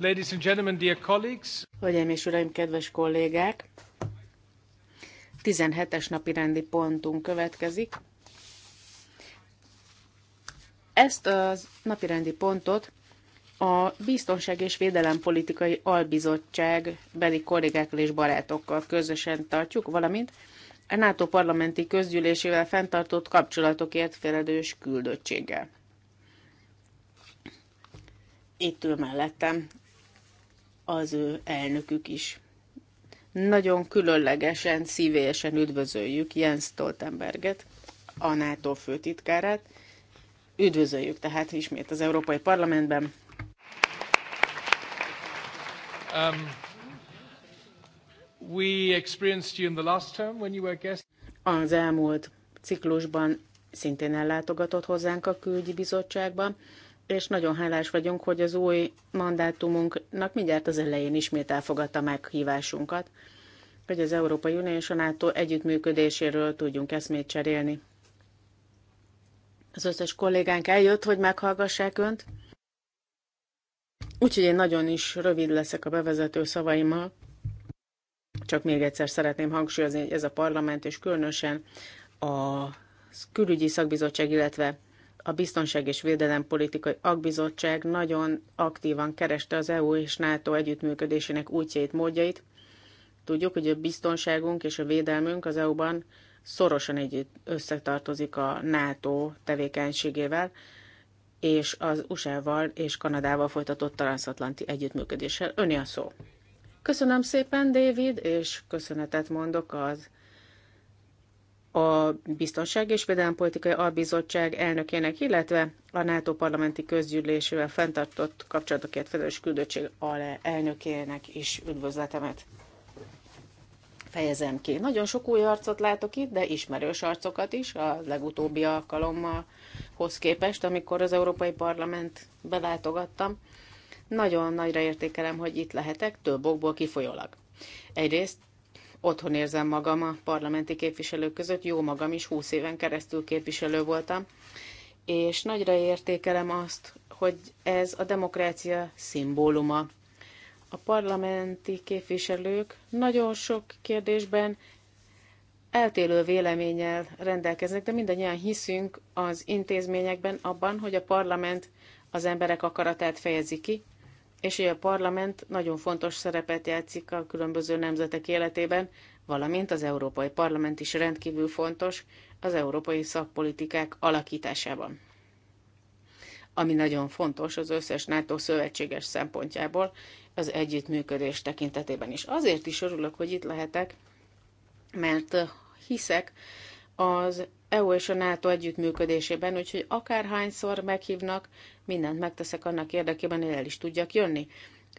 Ladies and gentlemen, dear colleagues. Hölgyeim és uraim, kedves kollégák! 17-es napi rendi pontunk következik. Ezt a rendi pontot a Biztonság és védelem politikai Albizottság beli kollégákkal és barátokkal közösen tartjuk, valamint a NATO parlamenti közgyűlésével fenntartott kapcsolatokért felelős küldöttséggel. Itt ül mellettem az ő elnökük is. Nagyon különlegesen, szívélyesen üdvözöljük Jens Stoltenberget, a NATO főtitkárát. Üdvözöljük tehát ismét az Európai Parlamentben. Um. We experienced you in the last term when you were guest. Az elmúlt ciklusban szintén ellátogatott hozzánk a külügyi bizottságban, és nagyon hálás vagyunk, hogy az új mandátumunknak mindjárt az elején ismét elfogadta meghívásunkat, hogy az Európai Unió és a NATO együttműködéséről tudjunk eszmét cserélni. Az összes kollégánk eljött, hogy meghallgassák Önt, úgyhogy én nagyon is rövid leszek a bevezető szavaimmal csak még egyszer szeretném hangsúlyozni, hogy ez a parlament, és különösen a külügyi szakbizottság, illetve a Biztonság és Védelem Politikai Agbizottság nagyon aktívan kereste az EU és NATO együttműködésének útjait, módjait. Tudjuk, hogy a biztonságunk és a védelmünk az EU-ban szorosan együtt összetartozik a NATO tevékenységével, és az USA-val és Kanadával folytatott transatlanti együttműködéssel. Öni a szó. Köszönöm szépen, David, és köszönetet mondok az a Biztonság és politikai Albizottság elnökének, illetve a NATO parlamenti közgyűlésével fenntartott kapcsolatokért felelős küldöttség elnökének is üdvözletemet fejezem ki. Nagyon sok új arcot látok itt, de ismerős arcokat is a legutóbbi hoz képest, amikor az Európai Parlament belátogattam. Nagyon nagyra értékelem, hogy itt lehetek, több okból kifolyólag. Egyrészt otthon érzem magam a parlamenti képviselők között, jó magam is, 20 éven keresztül képviselő voltam, és nagyra értékelem azt, hogy ez a demokrácia szimbóluma. A parlamenti képviselők nagyon sok kérdésben eltérő véleménnyel rendelkeznek, de mindannyian hiszünk az intézményekben abban, hogy a parlament az emberek akaratát fejezi ki, és hogy a parlament nagyon fontos szerepet játszik a különböző nemzetek életében, valamint az Európai Parlament is rendkívül fontos az európai szakpolitikák alakításában. Ami nagyon fontos az összes NATO szövetséges szempontjából, az együttműködés tekintetében is. Azért is örülök, hogy itt lehetek, mert hiszek az EU és a NATO együttműködésében, úgyhogy akárhányszor meghívnak, mindent megteszek annak érdekében, hogy el is tudjak jönni.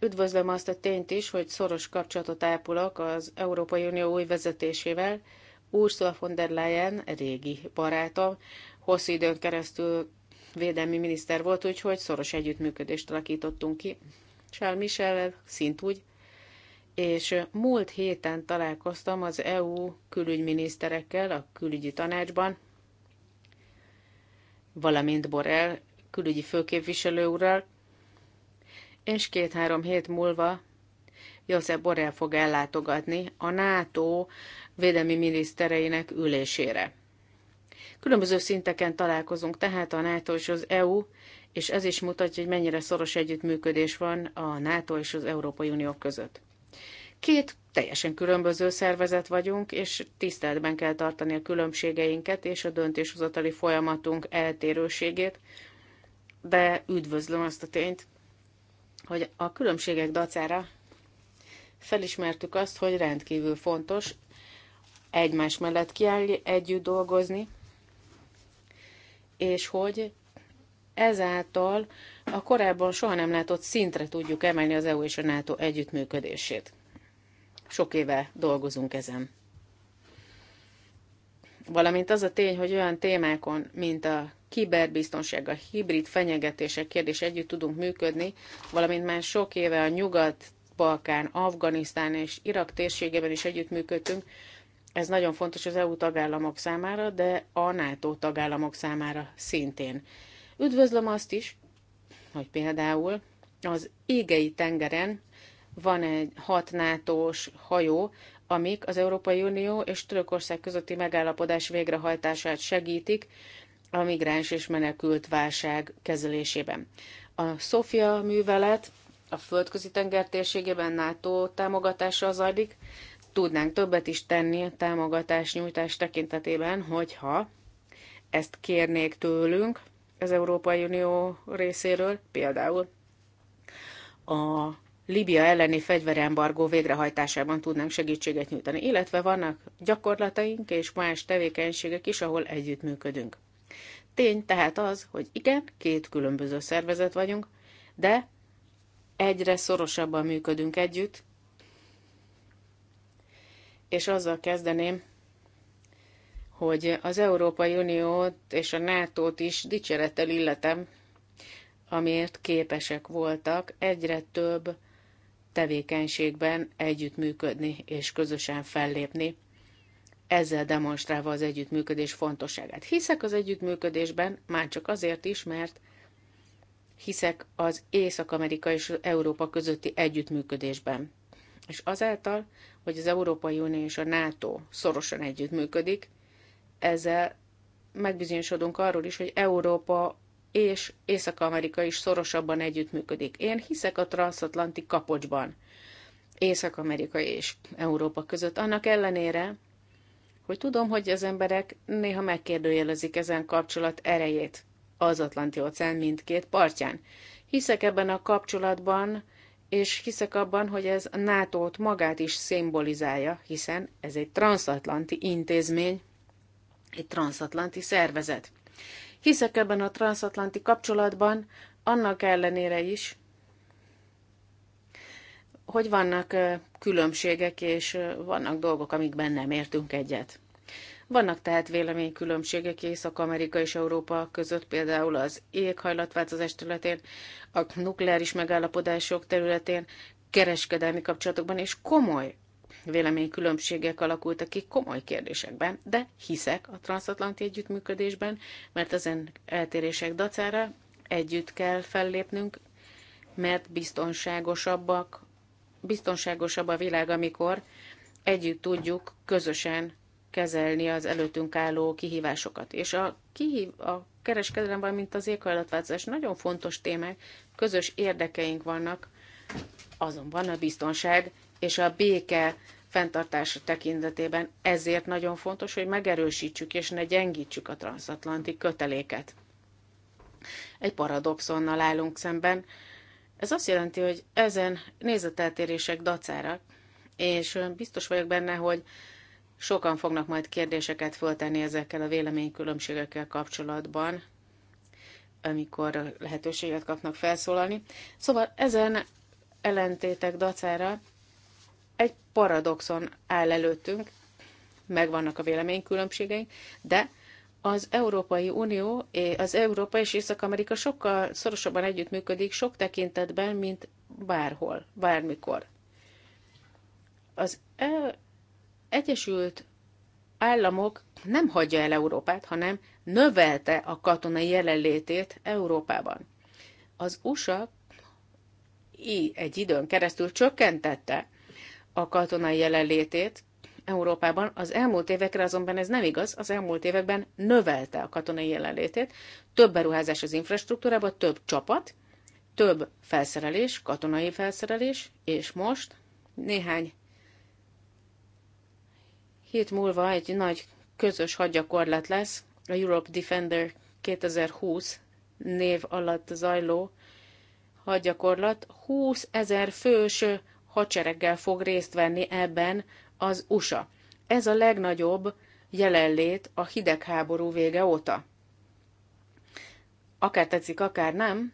Üdvözlöm azt a tényt is, hogy szoros kapcsolatot ápolok az Európai Unió új vezetésével. Ursula von der Leyen, régi barátom, hosszú időn keresztül védelmi miniszter volt, úgyhogy szoros együttműködést alakítottunk ki. Charles Michel szintúgy, és múlt héten találkoztam az EU külügyminiszterekkel a külügyi tanácsban, valamint Borrell külügyi főképviselő úrral, és két-három hét múlva Josep Borrell fog ellátogatni a NATO védelmi minisztereinek ülésére. Különböző szinteken találkozunk tehát a NATO és az EU, és ez is mutatja, hogy mennyire szoros együttműködés van a NATO és az Európai Unió között. Két teljesen különböző szervezet vagyunk, és tiszteletben kell tartani a különbségeinket és a döntéshozatali folyamatunk eltérőségét, de üdvözlöm azt a tényt, hogy a különbségek dacára felismertük azt, hogy rendkívül fontos egymás mellett kiállni, együtt dolgozni, és hogy ezáltal a korábban soha nem látott szintre tudjuk emelni az EU és a NATO együttműködését. Sok éve dolgozunk ezen. Valamint az a tény, hogy olyan témákon, mint a kiberbiztonság, a hibrid fenyegetések kérdés együtt tudunk működni, valamint már sok éve a Nyugat-Balkán, Afganisztán és Irak térségében is együttműködtünk. Ez nagyon fontos az EU tagállamok számára, de a NATO tagállamok számára szintén. Üdvözlöm azt is, hogy például az égei tengeren van egy hat NATO-s hajó, amik az Európai Unió és Törökország közötti megállapodás végrehajtását segítik a migráns és menekült válság kezelésében. A Sofia művelet a földközi tenger térségében NATO támogatása zajlik. Tudnánk többet is tenni a támogatás nyújtás tekintetében, hogyha ezt kérnék tőlünk az Európai Unió részéről, például a Libia elleni fegyverembargó végrehajtásában tudnánk segítséget nyújtani, illetve vannak gyakorlataink és más tevékenységek is, ahol együttműködünk. Tény tehát az, hogy igen, két különböző szervezet vagyunk, de egyre szorosabban működünk együtt, és azzal kezdeném, hogy az Európai Uniót és a NATO-t is dicsérettel illetem, amiért képesek voltak egyre több tevékenységben együttműködni és közösen fellépni, ezzel demonstrálva az együttműködés fontosságát. Hiszek az együttműködésben, már csak azért is, mert hiszek az Észak-Amerika és Európa közötti együttműködésben. És azáltal, hogy az Európai Unió és a NATO szorosan együttműködik, ezzel megbizonyosodunk arról is, hogy Európa és Észak-Amerika is szorosabban együttműködik. Én hiszek a transatlanti kapocsban Észak-Amerika és Európa között. Annak ellenére, hogy tudom, hogy az emberek néha megkérdőjelezik ezen kapcsolat erejét az Atlanti-óceán mindkét partján. Hiszek ebben a kapcsolatban, és hiszek abban, hogy ez a NATO-t magát is szimbolizálja, hiszen ez egy transatlanti intézmény, egy transatlanti szervezet. Hiszek ebben a transatlanti kapcsolatban, annak ellenére is, hogy vannak különbségek, és vannak dolgok, amikben nem értünk egyet. Vannak tehát véleménykülönbségek Észak-Amerika és Európa között, például az éghajlatváltozás területén, a nukleáris megállapodások területén, kereskedelmi kapcsolatokban, és komoly véleménykülönbségek alakultak ki komoly kérdésekben, de hiszek a transatlanti együttműködésben, mert ezen eltérések dacára együtt kell fellépnünk, mert biztonságosabbak, biztonságosabb a világ, amikor együtt tudjuk közösen kezelni az előttünk álló kihívásokat. És a, kihív, a kereskedelem, valamint az éghajlatváltozás nagyon fontos témák, közös érdekeink vannak, azonban a biztonság és a béke fenntartása tekintetében. Ezért nagyon fontos, hogy megerősítsük és ne gyengítsük a transatlanti köteléket. Egy paradoxonnal állunk szemben. Ez azt jelenti, hogy ezen nézeteltérések dacára, és biztos vagyok benne, hogy sokan fognak majd kérdéseket föltenni ezekkel a véleménykülönbségekkel kapcsolatban, amikor lehetőséget kapnak felszólalni. Szóval ezen ellentétek dacára egy paradoxon áll előttünk, megvannak a véleménykülönbségeink, de az Európai Unió, az Európa és Észak-Amerika sokkal szorosabban együttműködik sok tekintetben, mint bárhol, bármikor. Az e- Egyesült Államok nem hagyja el Európát, hanem növelte a katonai jelenlétét Európában. Az USA így egy időn keresztül csökkentette a katonai jelenlétét Európában. Az elmúlt évekre azonban ez nem igaz, az elmúlt években növelte a katonai jelenlétét. Több beruházás az infrastruktúrába, több csapat, több felszerelés, katonai felszerelés, és most néhány hét múlva egy nagy közös hadgyakorlat lesz, a Europe Defender 2020 név alatt zajló hadgyakorlat. 20 ezer fős hadsereggel fog részt venni ebben az USA. Ez a legnagyobb jelenlét a hidegháború vége óta. Akár tetszik, akár nem,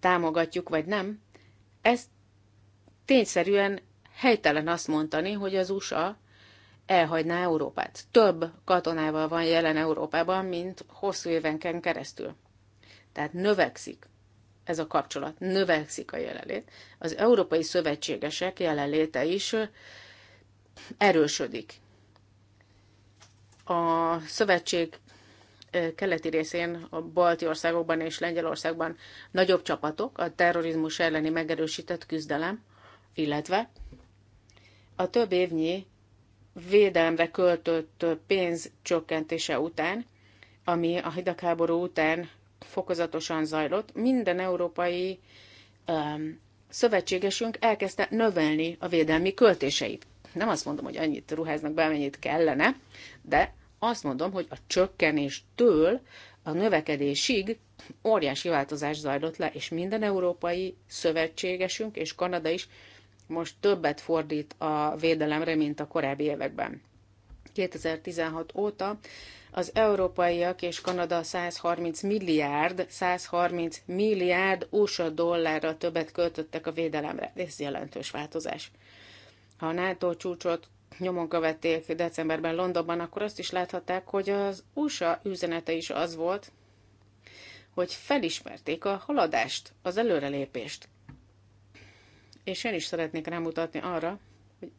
támogatjuk vagy nem, ez tényszerűen helytelen azt mondani, hogy az USA elhagyná Európát. Több katonával van jelen Európában, mint hosszú évenken keresztül. Tehát növekszik ez a kapcsolat, növekszik a jelenlét. Az európai szövetségesek jelenléte is erősödik. A szövetség keleti részén, a balti országokban és Lengyelországban nagyobb csapatok, a terrorizmus elleni megerősített küzdelem, illetve a több évnyi védelemre költött pénz csökkentése után, ami a hidegháború után fokozatosan zajlott, minden európai um, szövetségesünk elkezdte növelni a védelmi költéseit. Nem azt mondom, hogy annyit ruháznak be, amennyit kellene, de azt mondom, hogy a csökkenéstől a növekedésig óriási változás zajlott le, és minden európai szövetségesünk és Kanada is most többet fordít a védelemre, mint a korábbi években. 2016 óta az európaiak és Kanada 130 milliárd, 130 milliárd USA dollárra többet költöttek a védelemre. Ez jelentős változás. Ha a NATO csúcsot nyomon követték decemberben Londonban, akkor azt is láthatták, hogy az USA üzenete is az volt, hogy felismerték a haladást, az előrelépést. És én is szeretnék rámutatni arra, hogy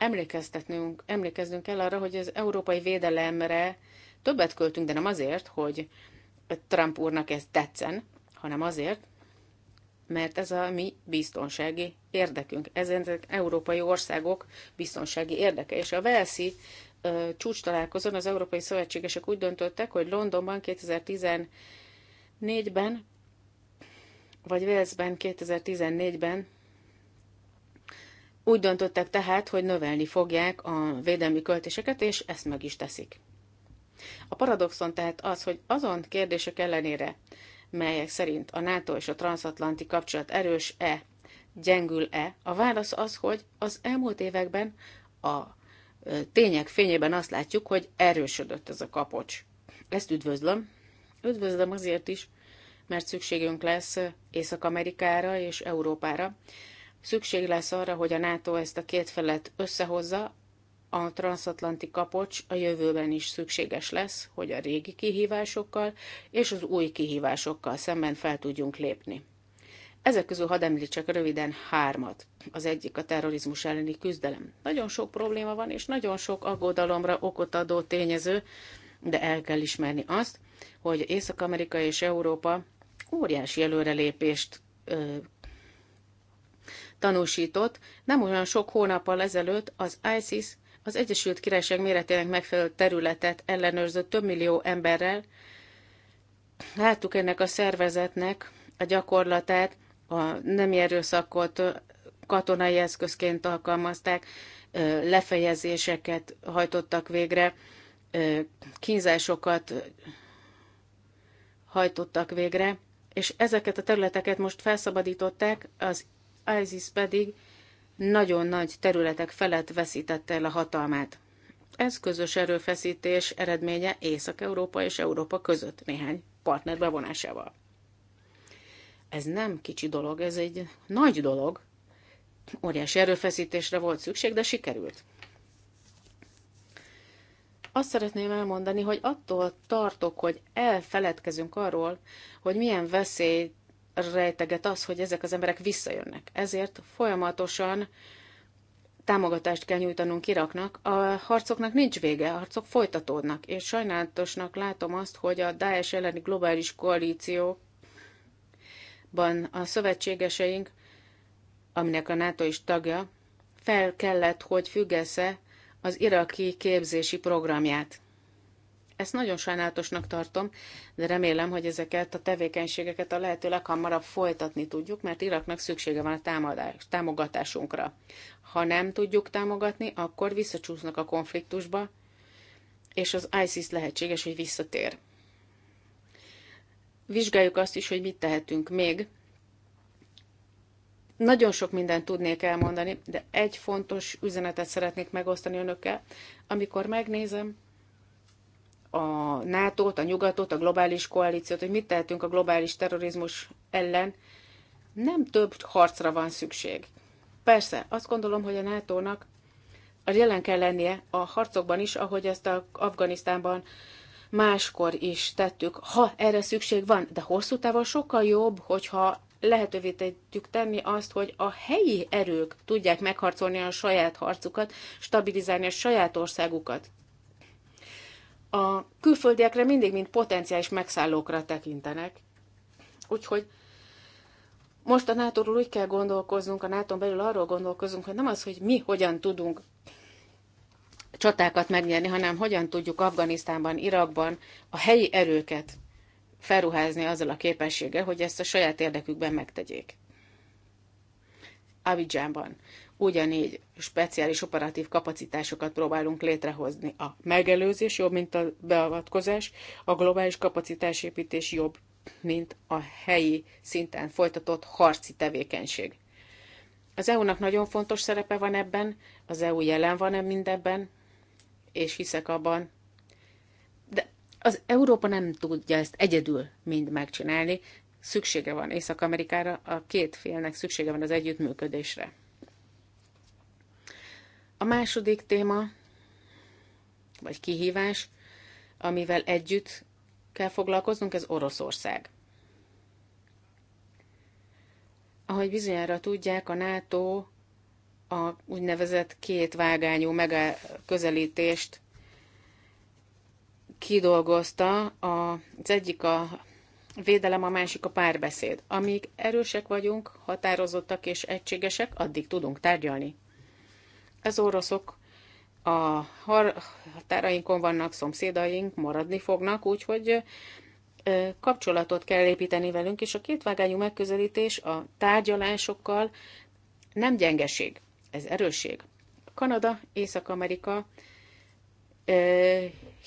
emlékeztetnünk, emlékeznünk kell arra, hogy az európai védelemre többet költünk, de nem azért, hogy Trump úrnak ez tetszen, hanem azért, mert ez a mi biztonsági érdekünk. Ezek európai országok biztonsági érdeke. És a Velszi csúcs találkozón az Európai Szövetségesek úgy döntöttek, hogy Londonban 2014-ben, vagy Velszben 2014-ben úgy döntöttek tehát, hogy növelni fogják a védelmi költéseket, és ezt meg is teszik. A paradoxon tehát az, hogy azon kérdések ellenére, melyek szerint a NATO és a transatlanti kapcsolat erős-e, gyengül-e, a válasz az, hogy az elmúlt években a tények fényében azt látjuk, hogy erősödött ez a kapocs. Ezt üdvözlöm. Üdvözlöm azért is, mert szükségünk lesz Észak-Amerikára és Európára, Szükség lesz arra, hogy a NATO ezt a két felet összehozza, a transatlanti kapocs a jövőben is szükséges lesz, hogy a régi kihívásokkal és az új kihívásokkal szemben fel tudjunk lépni. Ezek közül hadd említsek röviden hármat. Az egyik a terrorizmus elleni küzdelem. Nagyon sok probléma van, és nagyon sok aggodalomra okot adó tényező, de el kell ismerni azt, hogy Észak-Amerika és Európa óriási előrelépést ö, tanúsított, nem olyan sok hónappal ezelőtt az ISIS az Egyesült Királyság méretének megfelelő területet ellenőrzött több millió emberrel. Láttuk ennek a szervezetnek a gyakorlatát, a nemi erőszakot katonai eszközként alkalmazták, lefejezéseket hajtottak végre, kínzásokat hajtottak végre, és ezeket a területeket most felszabadították az ISIS pedig nagyon nagy területek felett veszítette el a hatalmát. Ez közös erőfeszítés eredménye Észak-Európa és Európa között néhány partner bevonásával. Ez nem kicsi dolog, ez egy nagy dolog. Óriási erőfeszítésre volt szükség, de sikerült. Azt szeretném elmondani, hogy attól tartok, hogy elfeledkezünk arról, hogy milyen veszélyt rejteget az, hogy ezek az emberek visszajönnek. Ezért folyamatosan támogatást kell nyújtanunk Iraknak. A harcoknak nincs vége, a harcok folytatódnak, és sajnálatosnak látom azt, hogy a Daesh elleni globális koalícióban a szövetségeseink, aminek a NATO is tagja, fel kellett, hogy függesse az iraki képzési programját. Ezt nagyon sajnálatosnak tartom, de remélem, hogy ezeket a tevékenységeket a lehető leghamarabb folytatni tudjuk, mert Iraknak szüksége van a támadás, támogatásunkra. Ha nem tudjuk támogatni, akkor visszacsúsznak a konfliktusba, és az ISIS lehetséges, hogy visszatér. Vizsgáljuk azt is, hogy mit tehetünk még. Nagyon sok mindent tudnék elmondani, de egy fontos üzenetet szeretnék megosztani önökkel. Amikor megnézem, a NATO-t, a nyugatot, a globális koalíciót, hogy mit tehetünk a globális terrorizmus ellen, nem több harcra van szükség. Persze, azt gondolom, hogy a NATO-nak jelen kell lennie a harcokban is, ahogy ezt a Afganisztánban máskor is tettük, ha erre szükség van, de hosszú távon sokkal jobb, hogyha lehetővé tudjuk tenni azt, hogy a helyi erők tudják megharcolni a saját harcukat, stabilizálni a saját országukat a külföldiekre mindig, mint potenciális megszállókra tekintenek. Úgyhogy most a nato úgy kell gondolkoznunk, a nato belül arról gondolkozunk, hogy nem az, hogy mi hogyan tudunk csatákat megnyerni, hanem hogyan tudjuk Afganisztánban, Irakban a helyi erőket felruházni azzal a képességgel, hogy ezt a saját érdekükben megtegyék. Abidjánban ugyanígy speciális operatív kapacitásokat próbálunk létrehozni. A megelőzés jobb, mint a beavatkozás, a globális kapacitásépítés jobb, mint a helyi szinten folytatott harci tevékenység. Az EU-nak nagyon fontos szerepe van ebben, az EU jelen van -e mindebben, és hiszek abban. De az Európa nem tudja ezt egyedül mind megcsinálni, szüksége van Észak-Amerikára, a két félnek szüksége van az együttműködésre. A második téma, vagy kihívás, amivel együtt kell foglalkoznunk, ez Oroszország. Ahogy bizonyára tudják, a NATO a úgynevezett két vágányú megközelítést kidolgozta. Az egyik a védelem, a másik a párbeszéd. Amíg erősek vagyunk, határozottak és egységesek, addig tudunk tárgyalni. Az oroszok a határainkon vannak, szomszédaink maradni fognak, úgyhogy kapcsolatot kell építeni velünk, és a kétvágányú megközelítés a tárgyalásokkal nem gyengeség, ez erősség. Kanada, Észak-Amerika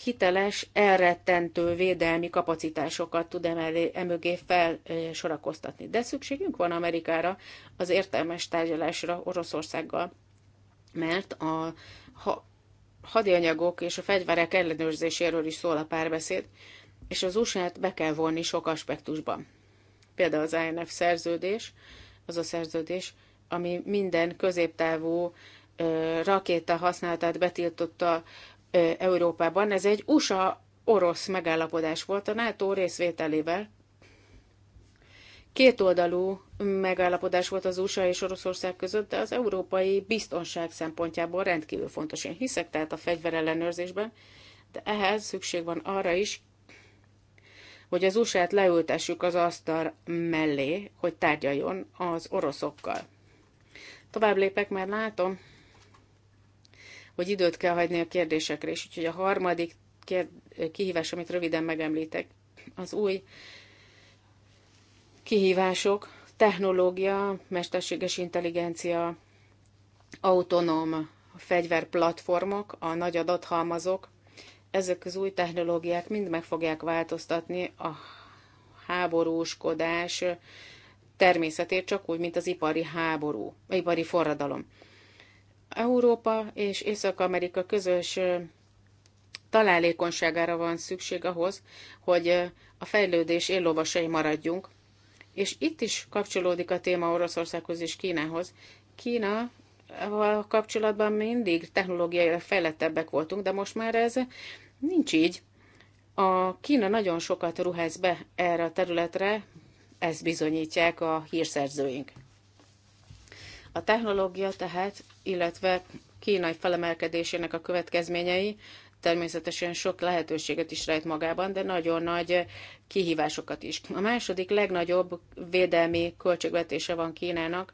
hiteles, elrettentő védelmi kapacitásokat tud emellé, emögé felsorakoztatni. De szükségünk van Amerikára az értelmes tárgyalásra Oroszországgal mert a ha, hadianyagok és a fegyverek ellenőrzéséről is szól a párbeszéd, és az usa be kell vonni sok aspektusban. Például az INF szerződés, az a szerződés, ami minden középtávú ö, rakéta használatát betiltotta ö, Európában. Ez egy USA-orosz megállapodás volt a NATO részvételével, Kétoldalú megállapodás volt az USA és Oroszország között, de az európai biztonság szempontjából rendkívül fontos. Én hiszek tehát a fegyverellenőrzésben, de ehhez szükség van arra is, hogy az USA-t leültessük az asztal mellé, hogy tárgyaljon az oroszokkal. Tovább lépek, mert látom, hogy időt kell hagyni a kérdésekre, és úgyhogy a harmadik kérd- kihívás, amit röviden megemlítek, az új kihívások, technológia, mesterséges intelligencia, autonóm fegyverplatformok, a nagy adathalmazok, ezek az új technológiák mind meg fogják változtatni a háborúskodás természetét, csak úgy, mint az ipari háború, ipari forradalom. Európa és Észak-Amerika közös találékonyságára van szükség ahhoz, hogy a fejlődés éllovasai maradjunk, és itt is kapcsolódik a téma Oroszországhoz és Kínához. Kína a kapcsolatban mindig technológiai fejlettebbek voltunk, de most már ez nincs így. A Kína nagyon sokat ruház be erre a területre, ezt bizonyítják a hírszerzőink. A technológia tehát, illetve kínai felemelkedésének a következményei természetesen sok lehetőséget is rejt magában, de nagyon nagy kihívásokat is. A második legnagyobb védelmi költségvetése van Kínának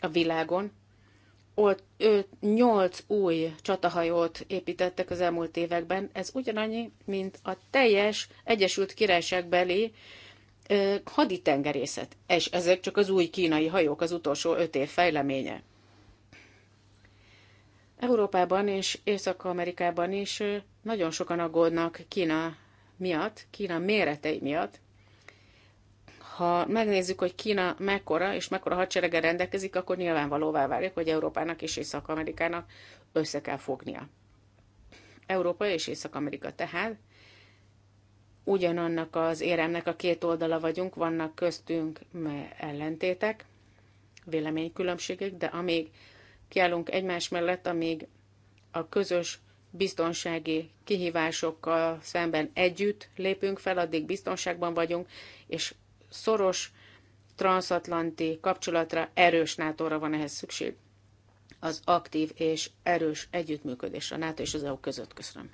a világon. Ott ő, új csatahajót építettek az elmúlt években. Ez ugyanannyi, mint a teljes Egyesült Királyság beli haditengerészet. És ezek csak az új kínai hajók az utolsó öt év fejleménye. Európában és Észak-Amerikában is nagyon sokan aggódnak Kína miatt, Kína méretei miatt. Ha megnézzük, hogy Kína mekkora és mekkora hadserege rendelkezik, akkor nyilvánvalóvá válik, hogy Európának és Észak-Amerikának össze kell fognia. Európa és Észak-Amerika tehát ugyanannak az éremnek a két oldala vagyunk, vannak köztünk ellentétek, véleménykülönbségek, de amíg kiállunk egymás mellett, amíg a közös biztonsági kihívásokkal szemben együtt lépünk fel, addig biztonságban vagyunk, és szoros transatlanti kapcsolatra, erős nato van ehhez szükség. Az aktív és erős együttműködés a NATO és az EU között. Köszönöm.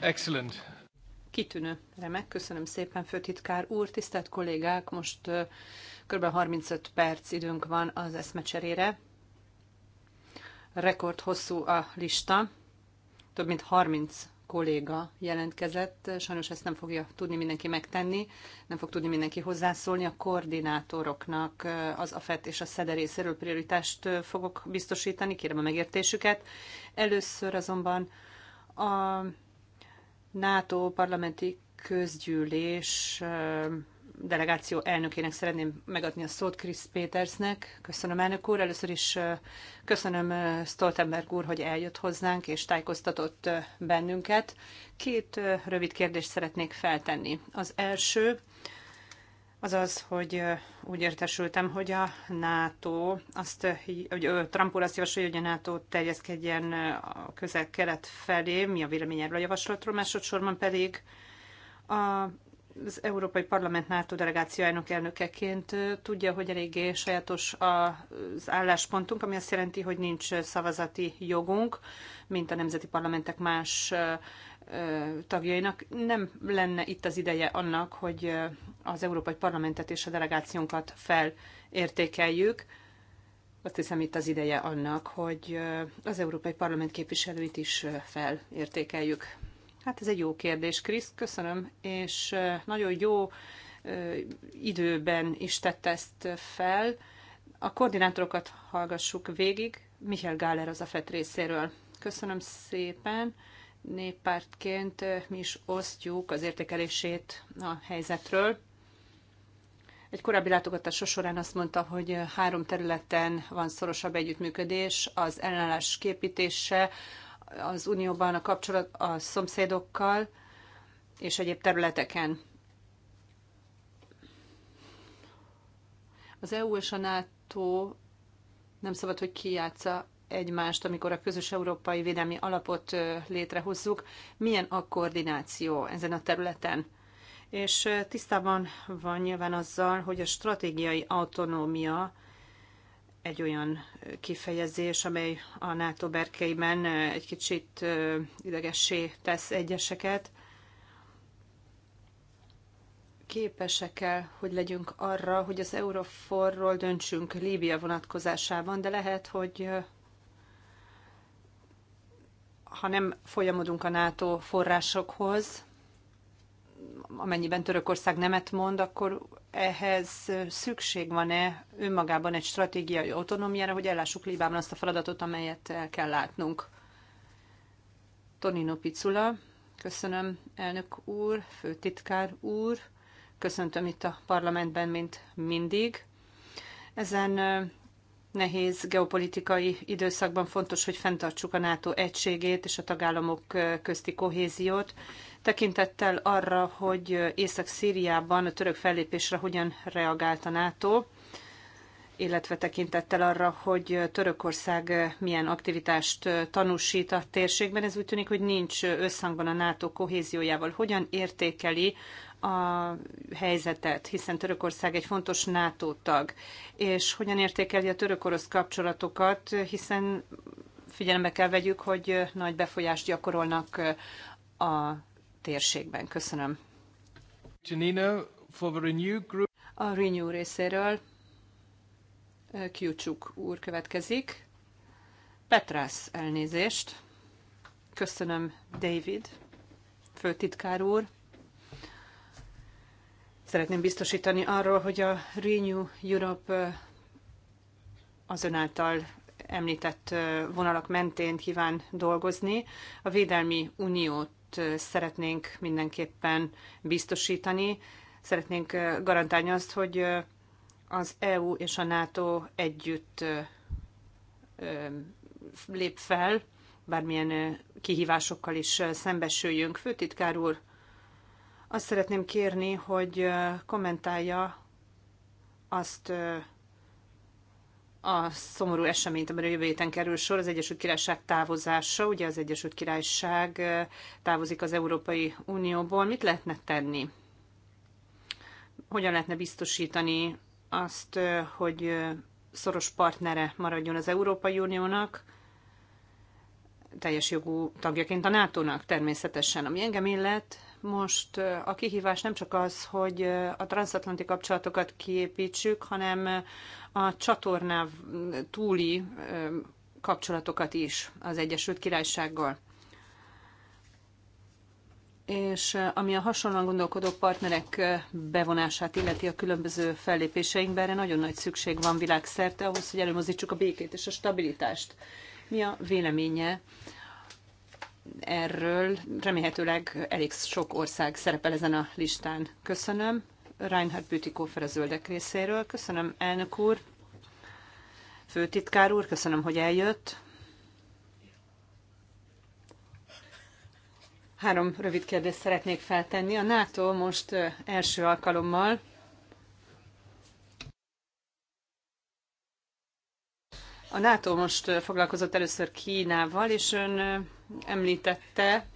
Excellent. Kitűnő, remek, köszönöm szépen, főtitkár úr, tisztelt kollégák, most kb. 35 perc időnk van az eszmecserére. Rekord hosszú a lista, több mint 30 kolléga jelentkezett, sajnos ezt nem fogja tudni mindenki megtenni, nem fog tudni mindenki hozzászólni. A koordinátoroknak az AFET és a SZEDE részéről prioritást fogok biztosítani, kérem a megértésüket. Először azonban a NATO parlamenti közgyűlés delegáció elnökének szeretném megadni a szót Krisz Pétersnek. Köszönöm, elnök úr. Először is köszönöm Stoltenberg úr, hogy eljött hozzánk és tájékoztatott bennünket. Két rövid kérdést szeretnék feltenni. Az első, az az, hogy úgy értesültem, hogy a NATO, azt, hogy Trump úr azt javasolja, hogy a NATO terjeszkedjen a közel-kelet felé, mi a vélemény erről a javaslatról, másodszorban pedig a az Európai Parlament NATO delegáció elnök elnökeként tudja, hogy eléggé sajátos az álláspontunk, ami azt jelenti, hogy nincs szavazati jogunk, mint a nemzeti parlamentek más tagjainak nem lenne itt az ideje annak, hogy az Európai Parlamentet és a delegációnkat felértékeljük. Azt hiszem itt az ideje annak, hogy az Európai Parlament képviselőit is felértékeljük. Hát ez egy jó kérdés, Krisz, köszönöm, és nagyon jó időben is tette ezt fel. A koordinátorokat hallgassuk végig, Michael Gáler az a FET részéről. Köszönöm szépen néppártként mi is osztjuk az értékelését a helyzetről. Egy korábbi látogatása során azt mondta, hogy három területen van szorosabb együttműködés, az ellenállás képítése, az unióban a kapcsolat a szomszédokkal és egyéb területeken. Az EU és a NATO nem szabad, hogy kijátsza egymást, amikor a közös európai védelmi alapot létrehozzuk, milyen a koordináció ezen a területen. És tisztában van nyilván azzal, hogy a stratégiai autonómia egy olyan kifejezés, amely a NATO berkeiben egy kicsit idegessé tesz egyeseket. Képesek el, hogy legyünk arra, hogy az Euroforról döntsünk Líbia vonatkozásában, de lehet, hogy ha nem folyamodunk a NATO forrásokhoz, amennyiben Törökország nemet mond, akkor ehhez szükség van-e önmagában egy stratégiai autonómiára, hogy ellássuk Libában azt a feladatot, amelyet el kell látnunk? Tonino Picula, köszönöm elnök úr, főtitkár úr, köszöntöm itt a parlamentben, mint mindig. Ezen nehéz geopolitikai időszakban fontos, hogy fenntartsuk a NATO egységét és a tagállamok közti kohéziót, tekintettel arra, hogy Észak-Szíriában a török fellépésre hogyan reagált a NATO, illetve tekintettel arra, hogy Törökország milyen aktivitást tanúsít a térségben. Ez úgy tűnik, hogy nincs összhangban a NATO kohéziójával. Hogyan értékeli a helyzetet, hiszen Törökország egy fontos NATO tag, és hogyan értékeli a török-orosz kapcsolatokat, hiszen figyelembe kell vegyük, hogy nagy befolyást gyakorolnak a térségben. Köszönöm. Janino, for the Renew Group. A Renew részéről eh, Kiucsuk úr következik. Petras elnézést. Köszönöm, David, főtitkár úr szeretném biztosítani arról, hogy a Renew Europe eh, az ön által említett eh, vonalak mentén kíván dolgozni. A Védelmi Uniót eh, szeretnénk mindenképpen biztosítani. Szeretnénk garantálni azt, hogy az EU és a NATO együtt lép fel, bármilyen kihívásokkal is szembesüljünk. Főtitkár úr, azt szeretném kérni, hogy kommentálja azt a szomorú eseményt, amire jövő héten kerül sor, az Egyesült Királyság távozása. Ugye az Egyesült Királyság távozik az Európai Unióból. Mit lehetne tenni? Hogyan lehetne biztosítani azt, hogy szoros partnere maradjon az Európai Uniónak, teljes jogú tagjaként a NATO-nak természetesen, ami engem illet, most a kihívás nem csak az, hogy a transatlanti kapcsolatokat kiépítsük, hanem a csatornáv túli kapcsolatokat is az Egyesült Királysággal. És ami a hasonlóan gondolkodó partnerek bevonását illeti a különböző fellépéseinkben, erre nagyon nagy szükség van világszerte ahhoz, hogy előmozdítsuk a békét és a stabilitást. Mi a véleménye erről. Remélhetőleg elég sok ország szerepel ezen a listán. Köszönöm. Reinhard Bütikofer a zöldek részéről. Köszönöm, elnök úr, főtitkár úr, köszönöm, hogy eljött. Három rövid kérdést szeretnék feltenni. A NATO most első alkalommal A NATO most foglalkozott először Kínával, és ön említette,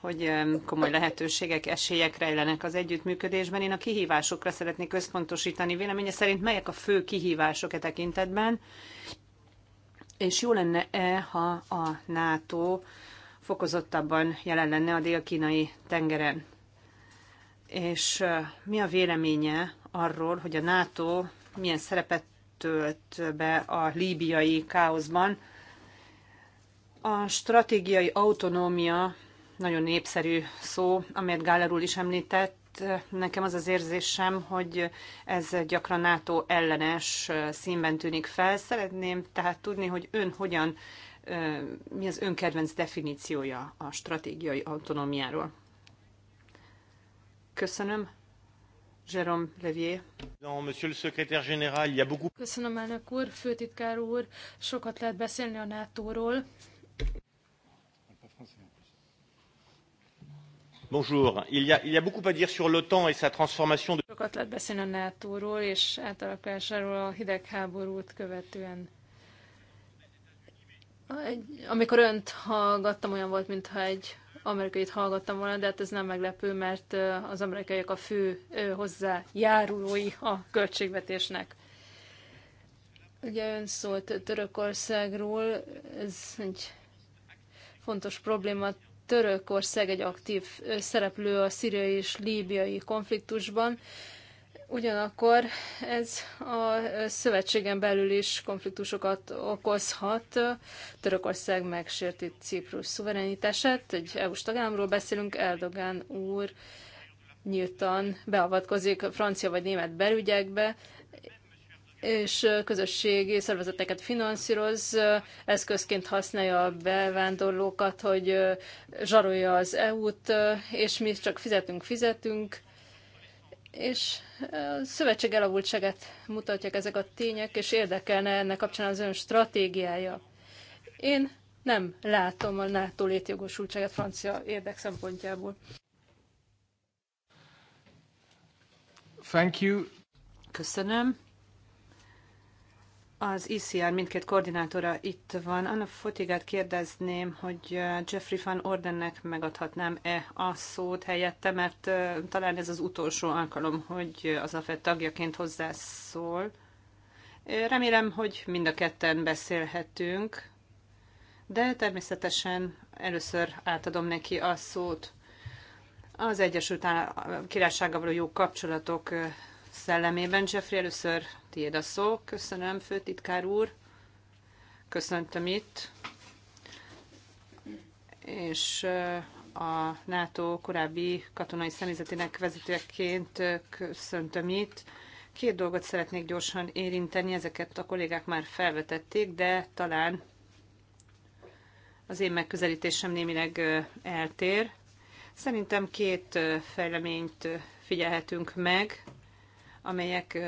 hogy komoly lehetőségek, esélyek rejlenek az együttműködésben. Én a kihívásokra szeretnék összpontosítani. Véleménye szerint melyek a fő kihívások e tekintetben? És jó lenne-e, ha a NATO fokozottabban jelen lenne a dél-kínai tengeren? És mi a véleménye arról, hogy a NATO milyen szerepet tölt be a líbiai káoszban. A stratégiai autonómia nagyon népszerű szó, amelyet Gáler úr is említett. Nekem az az érzésem, hogy ez gyakran NATO ellenes színben tűnik fel. Szeretném tehát tudni, hogy ön hogyan, mi az ön kedvenc definíciója a stratégiai autonómiáról. Köszönöm. Jérôme Levier. Monsieur le secrétaire général, il y a beaucoup... Köszönöm, elnök úr, főtitkár úr. Sokat lehet beszélni a NATO-ról. Bonjour. Il y, a, il y a beaucoup à dire sur l'OTAN et sa transformation de... Sokat lehet beszélni a NATO-ról és átalakulásáról a hidegháborút követően. Amikor önt hallgattam, olyan volt, mintha egy amerikait hallgattam volna, de hát ez nem meglepő, mert az amerikaiak a fő hozzájárulói a költségvetésnek. Ugye ön szólt Törökországról, ez egy fontos probléma. Törökország egy aktív szereplő a szíriai és líbiai konfliktusban. Ugyanakkor ez a szövetségen belül is konfliktusokat okozhat. Törökország megsérti Ciprus szuverenitását. Egy EU-s tagállamról beszélünk, Erdogan úr nyíltan beavatkozik francia vagy német belügyekbe, és közösségi szervezeteket finanszíroz, eszközként használja a bevándorlókat, hogy zsarolja az EU-t, és mi csak fizetünk, fizetünk, és a szövetség elavultságát mutatják ezek a tények, és érdekelne ennek kapcsán az ön stratégiája. Én nem látom a NATO létjogosultságát francia érdek szempontjából. Thank you. Köszönöm. Az ICR e mindkét koordinátora itt van. Anna Fotigát kérdezném, hogy Jeffrey van Ordennek megadhatnám-e a szót helyette, mert talán ez az utolsó alkalom, hogy az AFED tagjaként hozzászól. Remélem, hogy mind a ketten beszélhetünk, de természetesen először átadom neki a szót. Az Egyesült Királysággal való jó kapcsolatok szellemében. Jeffrey, először tiéd a szó. Köszönöm, főtitkár úr. Köszöntöm itt. És a NATO korábbi katonai személyzetének vezetőjeként köszöntöm itt. Két dolgot szeretnék gyorsan érinteni, ezeket a kollégák már felvetették, de talán az én megközelítésem némileg eltér. Szerintem két fejleményt figyelhetünk meg amelyek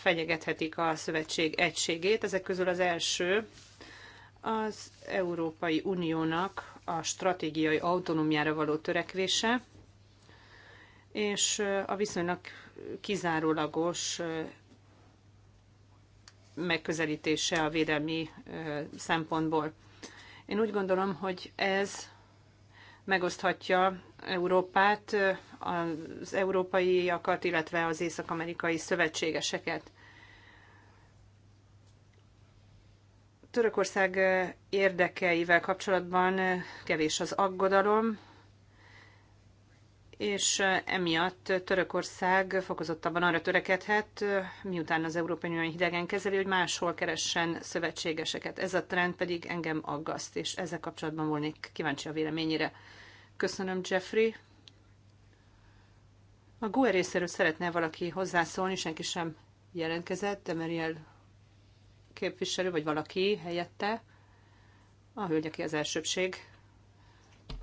fenyegethetik a szövetség egységét. Ezek közül az első az Európai Uniónak a stratégiai autonómiára való törekvése, és a viszonylag kizárólagos megközelítése a védelmi szempontból. Én úgy gondolom, hogy ez megoszthatja Európát, az európaiakat, illetve az észak-amerikai szövetségeseket. Törökország érdekeivel kapcsolatban kevés az aggodalom, és emiatt Törökország fokozottabban arra törekedhet, miután az Európai Unió hidegen kezeli, hogy máshol keressen szövetségeseket. Ez a trend pedig engem aggaszt, és ezzel kapcsolatban volnék kíváncsi a véleményére. Köszönöm, Jeffrey. A GUE részéről szeretne valaki hozzászólni, senki sem jelentkezett, de Meriel képviselő, vagy valaki helyette. A hölgy, aki az elsőbség.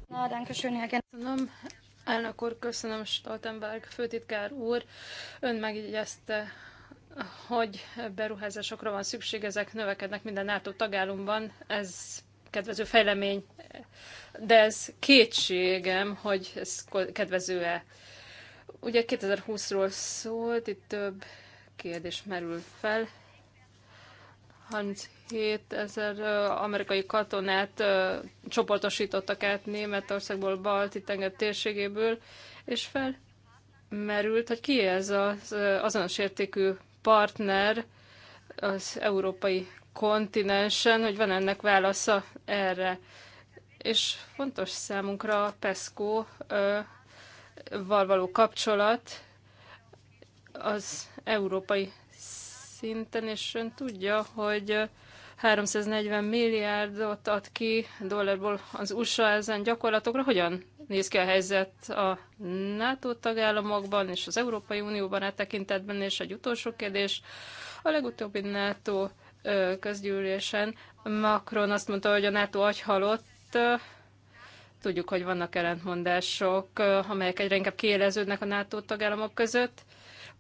Na, Köszönöm, Elnök úr, köszönöm Stoltenberg főtitkár úr. Ön megjegyezte, hogy beruházásokra van szükség, ezek növekednek minden NATO tagállamban. Ez kedvező fejlemény, de ez kétségem, hogy ez kedvező-e. Ugye 2020-ról szólt, itt több kérdés merül fel. 37 ezer amerikai katonát csoportosítottak át Németországból, Balti tenger térségéből, és felmerült, hogy ki ez az azonos értékű partner az európai kontinensen, hogy van ennek válasza erre. És fontos számunkra a PESCO-val való kapcsolat az európai szinten, és ön tudja, hogy 340 milliárdot ad ki dollárból az USA ezen gyakorlatokra. Hogyan néz ki a helyzet a NATO tagállamokban és az Európai Unióban áttekintetben? E és egy utolsó kérdés, a legutóbbi NATO közgyűlésen Macron azt mondta, hogy a NATO agyhalott, Tudjuk, hogy vannak ellentmondások, amelyek egyre inkább kiéleződnek a NATO tagállamok között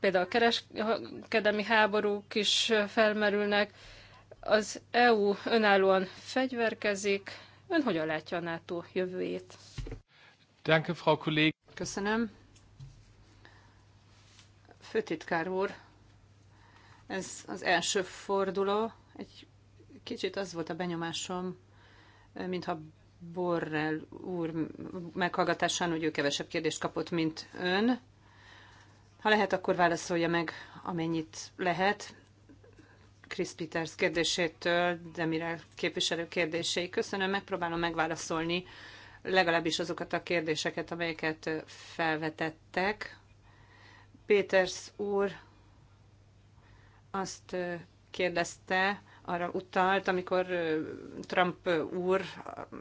például a kereskedemi háborúk is felmerülnek. Az EU önállóan fegyverkezik. Ön hogyan látja a NATO jövőjét? Danke, Frau Kollég. Köszönöm. Főtitkár úr, ez az első forduló. Egy kicsit az volt a benyomásom, mintha Borrell úr meghallgatásán, hogy ő kevesebb kérdést kapott, mint ön. Ha lehet, akkor válaszolja meg, amennyit lehet. Chris Peters kérdésétől, mire képviselő kérdései. Köszönöm, megpróbálom megválaszolni legalábbis azokat a kérdéseket, amelyeket felvetettek. Péters úr azt kérdezte, arra utalt, amikor Trump úr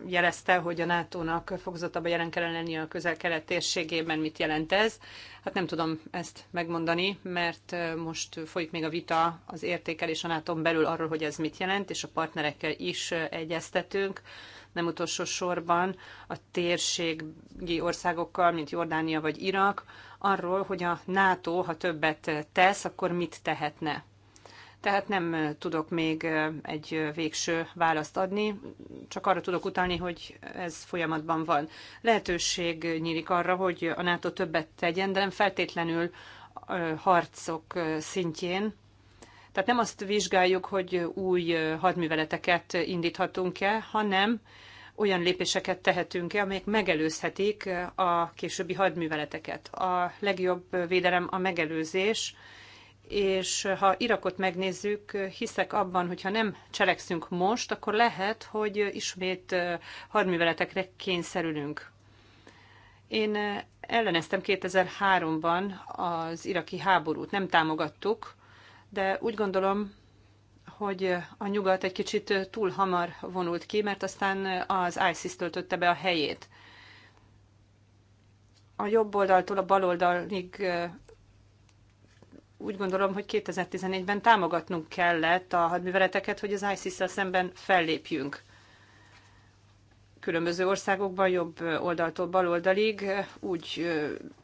jelezte, hogy a NATO-nak fokozottabban jelen kellene lenni a közel-kelet térségében, mit jelent ez. Hát nem tudom ezt megmondani, mert most folyik még a vita az értékelés a nato belül arról, hogy ez mit jelent, és a partnerekkel is egyeztetünk. Nem utolsó sorban a térségi országokkal, mint Jordánia vagy Irak, arról, hogy a NATO, ha többet tesz, akkor mit tehetne tehát nem tudok még egy végső választ adni, csak arra tudok utalni, hogy ez folyamatban van. Lehetőség nyílik arra, hogy a NATO többet tegyen, de nem feltétlenül harcok szintjén. Tehát nem azt vizsgáljuk, hogy új hadműveleteket indíthatunk-e, hanem olyan lépéseket tehetünk-e, amelyek megelőzhetik a későbbi hadműveleteket. A legjobb védelem a megelőzés, és ha Irakot megnézzük, hiszek abban, hogy ha nem cselekszünk most, akkor lehet, hogy ismét hadműveletekre kényszerülünk. Én elleneztem 2003-ban az iraki háborút, nem támogattuk, de úgy gondolom, hogy a nyugat egy kicsit túl hamar vonult ki, mert aztán az ISIS töltötte be a helyét. A jobb oldaltól a bal oldalig úgy gondolom, hogy 2014-ben támogatnunk kellett a hadműveleteket, hogy az ISIS-szel szemben fellépjünk. Különböző országokban, jobb oldaltól baloldalig úgy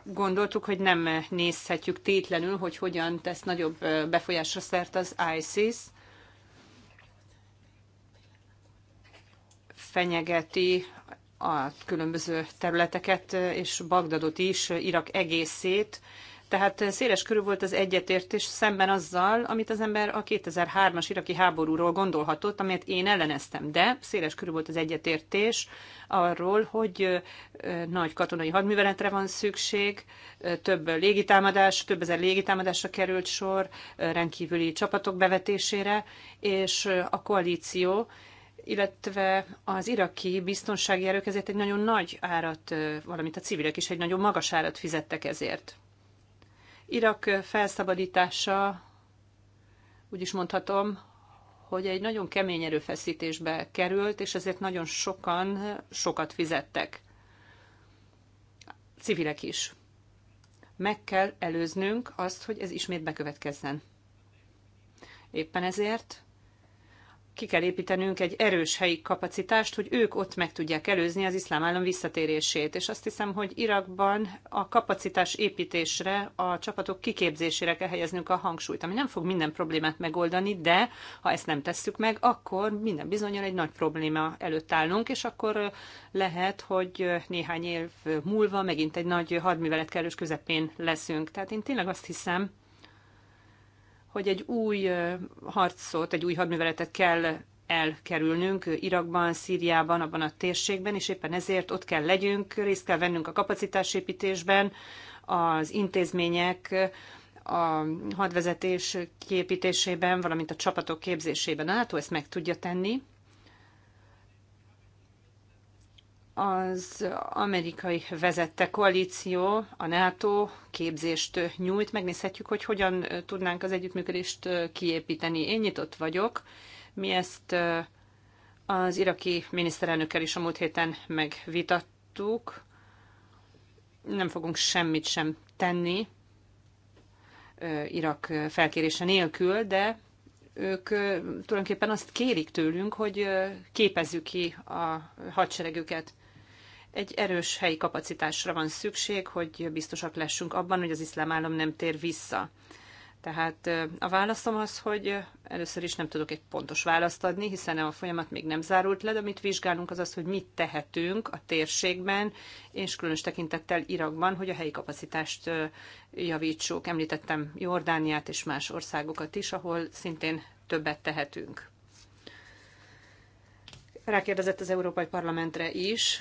gondoltuk, hogy nem nézhetjük tétlenül, hogy hogyan tesz nagyobb befolyásra szert az ISIS. Fenyegeti a különböző területeket és Bagdadot is, Irak egészét, tehát széles körül volt az egyetértés szemben azzal, amit az ember a 2003-as iraki háborúról gondolhatott, amelyet én elleneztem. De széles körül volt az egyetértés arról, hogy nagy katonai hadműveletre van szükség, több légitámadás, több ezer légitámadásra került sor, rendkívüli csapatok bevetésére, és a koalíció illetve az iraki biztonsági erők ezért egy nagyon nagy árat, valamint a civilek is egy nagyon magas árat fizettek ezért. Irak felszabadítása, úgy is mondhatom, hogy egy nagyon kemény erőfeszítésbe került, és ezért nagyon sokan sokat fizettek. Civilek is. Meg kell előznünk azt, hogy ez ismét bekövetkezzen. Éppen ezért ki kell építenünk egy erős helyi kapacitást, hogy ők ott meg tudják előzni az iszlám állam visszatérését. És azt hiszem, hogy Irakban a kapacitás építésre, a csapatok kiképzésére kell helyeznünk a hangsúlyt, ami nem fog minden problémát megoldani, de ha ezt nem tesszük meg, akkor minden bizonyal egy nagy probléma előtt állunk, és akkor lehet, hogy néhány év múlva megint egy nagy hadművelet kellős közepén leszünk. Tehát én tényleg azt hiszem, hogy egy új harcot, egy új hadműveletet kell elkerülnünk Irakban, Szíriában, abban a térségben, és éppen ezért ott kell legyünk, részt kell vennünk a kapacitásépítésben, az intézmények a hadvezetés kiépítésében, valamint a csapatok képzésében. A NATO ezt meg tudja tenni, az amerikai vezette koalíció, a NATO képzést nyújt. Megnézhetjük, hogy hogyan tudnánk az együttműködést kiépíteni. Én nyitott vagyok. Mi ezt az iraki miniszterelnökkel is a múlt héten megvitattuk. Nem fogunk semmit sem tenni Irak felkérése nélkül, de ők tulajdonképpen azt kérik tőlünk, hogy képezzük ki a hadseregüket. Egy erős helyi kapacitásra van szükség, hogy biztosak lessünk abban, hogy az iszlám állam nem tér vissza. Tehát a válaszom az, hogy először is nem tudok egy pontos választ adni, hiszen a folyamat még nem zárult le, de amit vizsgálunk az az, hogy mit tehetünk a térségben, és különös tekintettel Irakban, hogy a helyi kapacitást javítsuk. Említettem Jordániát és más országokat is, ahol szintén többet tehetünk. Rákérdezett az Európai Parlamentre is,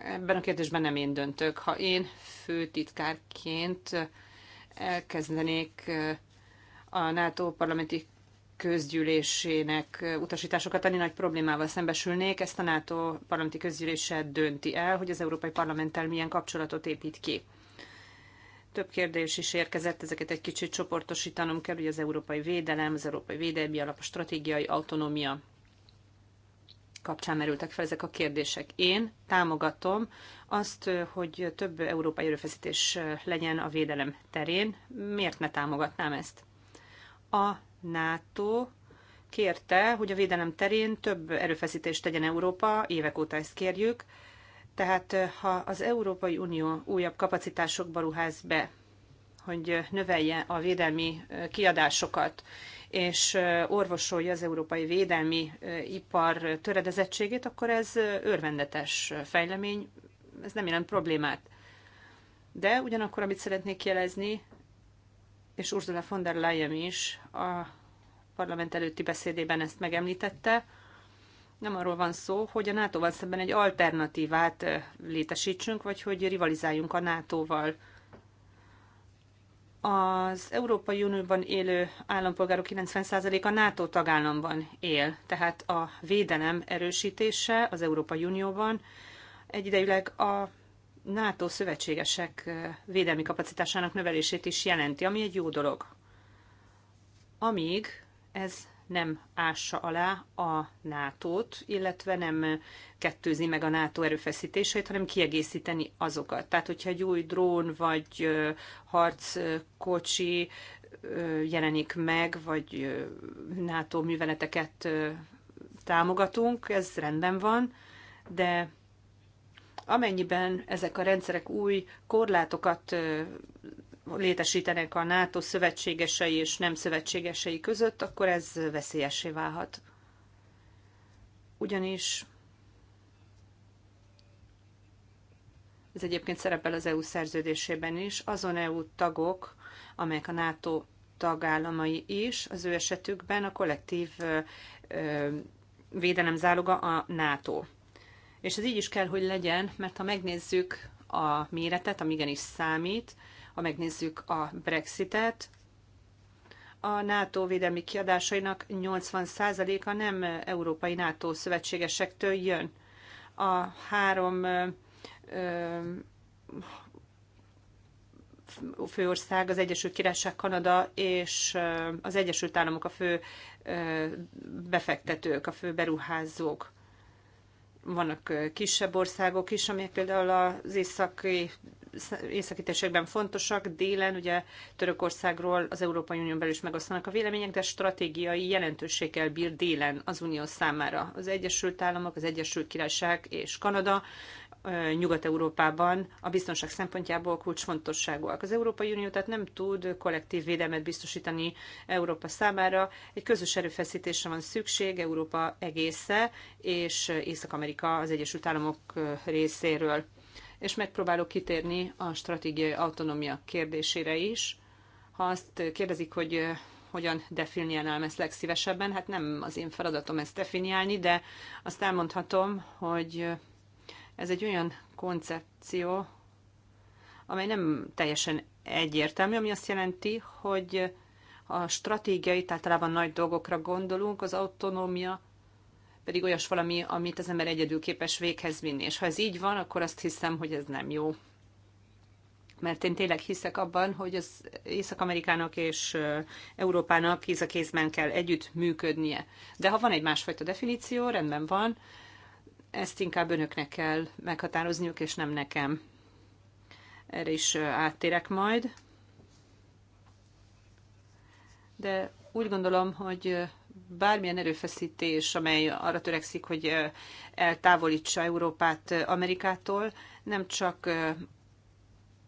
ebben a kérdésben nem én döntök. Ha én főtitkárként elkezdenék eh, a NATO parlamenti közgyűlésének eh, utasításokat adni, nagy problémával szembesülnék. Ezt a NATO parlamenti közgyűlése dönti el, hogy az Európai Parlamenttel milyen kapcsolatot épít ki. Több kérdés is érkezett, ezeket egy kicsit csoportosítanom kell, hogy az európai védelem, az európai védelmi alap, a stratégiai autonómia kapcsán merültek fel ezek a kérdések. Én támogatom azt, hogy több európai erőfeszítés legyen a védelem terén. Miért ne támogatnám ezt? A NATO kérte, hogy a védelem terén több erőfeszítést tegyen Európa, évek óta ezt kérjük. Tehát ha az Európai Unió újabb kapacitásokba ruház be, hogy növelje a védelmi kiadásokat, és orvosolja az európai védelmi ipar töredezettségét, akkor ez örvendetes fejlemény, ez nem jelent problémát. De ugyanakkor, amit szeretnék jelezni, és Ursula von der Leyen is a parlament előtti beszédében ezt megemlítette, nem arról van szó, hogy a NATO-val szemben egy alternatívát létesítsünk, vagy hogy rivalizáljunk a NATO-val az Európai Unióban élő állampolgárok 90%-a NATO tagállamban él, tehát a védelem erősítése az Európai Unióban egyidejűleg a NATO szövetségesek védelmi kapacitásának növelését is jelenti, ami egy jó dolog. Amíg ez nem ássa alá a NATO-t, illetve nem kettőzi meg a NATO erőfeszítéseit, hanem kiegészíteni azokat. Tehát, hogyha egy új drón vagy harckocsi jelenik meg, vagy NATO műveleteket támogatunk, ez rendben van, de amennyiben ezek a rendszerek új korlátokat létesítenek a NATO szövetségesei és nem szövetségesei között, akkor ez veszélyessé válhat. Ugyanis ez egyébként szerepel az EU szerződésében is, azon EU tagok, amelyek a NATO tagállamai is, az ő esetükben a kollektív védelem záloga a NATO. És ez így is kell, hogy legyen, mert ha megnézzük a méretet, ami igenis számít, ha megnézzük a Brexitet, a NATO védelmi kiadásainak 80%-a nem európai NATO szövetségesektől jön. A három ö, főország, az Egyesült Királyság, Kanada és az Egyesült Államok a fő befektetők, a fő beruházók vannak kisebb országok is, amelyek például az északi, északi fontosak. Délen ugye Törökországról az Európai Unión belül is megosztanak a vélemények, de stratégiai jelentőséggel bír délen az Unió számára. Az Egyesült Államok, az Egyesült Királyság és Kanada Nyugat-Európában a biztonság szempontjából kulcsfontosságúak. Az Európai Unió tehát nem tud kollektív védelmet biztosítani Európa számára. Egy közös erőfeszítésre van szükség Európa egésze és Észak-Amerika az Egyesült Államok részéről. És megpróbálok kitérni a stratégiai autonómia kérdésére is. Ha azt kérdezik, hogy hogyan definiálnám ezt legszívesebben, hát nem az én feladatom ezt definiálni, de azt elmondhatom, hogy ez egy olyan koncepció, amely nem teljesen egyértelmű, ami azt jelenti, hogy a stratégiai, általában nagy dolgokra gondolunk, az autonómia pedig olyas valami, amit az ember egyedül képes véghez vinni. És ha ez így van, akkor azt hiszem, hogy ez nem jó. Mert én tényleg hiszek abban, hogy az Észak-Amerikának és Európának kéz a kézben kell együtt működnie. De ha van egy másfajta definíció, rendben van, ezt inkább önöknek kell meghatározniuk, és nem nekem. Erre is áttérek majd. De úgy gondolom, hogy bármilyen erőfeszítés, amely arra törekszik, hogy eltávolítsa Európát Amerikától, nem csak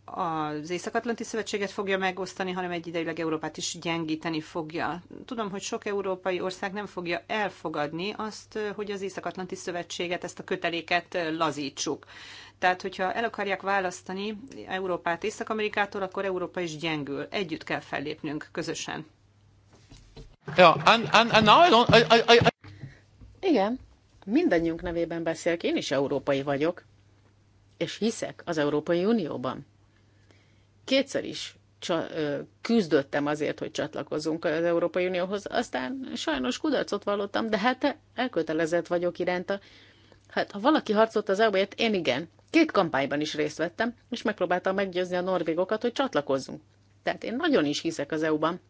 az Észak-Atlanti Szövetséget fogja megosztani, hanem ideileg Európát is gyengíteni fogja. Tudom, hogy sok európai ország nem fogja elfogadni azt, hogy az Észak-Atlanti Szövetséget, ezt a köteléket lazítsuk. Tehát, hogyha el akarják választani Európát Észak-Amerikától, akkor Európa is gyengül. Együtt kell fellépnünk közösen. Ja, and, and, and now I don't, I, I, I... Igen, mindannyiunk nevében beszélek, én is európai vagyok, és hiszek az Európai Unióban kétszer is küzdöttem azért, hogy csatlakozunk az Európai Unióhoz, aztán sajnos kudarcot vallottam, de hát elkötelezett vagyok iránta. Hát ha valaki harcolt az eu én igen. Két kampányban is részt vettem, és megpróbáltam meggyőzni a norvégokat, hogy csatlakozzunk. Tehát én nagyon is hiszek az EU-ban,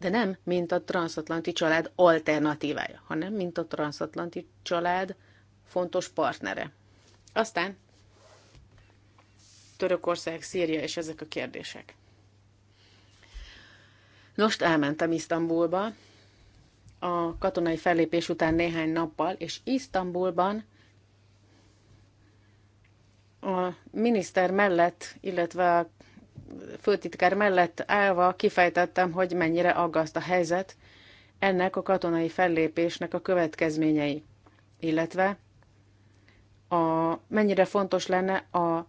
de nem, mint a transatlanti család alternatívája, hanem mint a transatlanti család fontos partnere. Aztán Törökország, Szíria és ezek a kérdések. Most elmentem Isztambulba, a katonai fellépés után néhány nappal, és Isztambulban a miniszter mellett, illetve a főtitkár mellett állva kifejtettem, hogy mennyire aggaszt a helyzet ennek a katonai fellépésnek a következményei, illetve a, mennyire fontos lenne a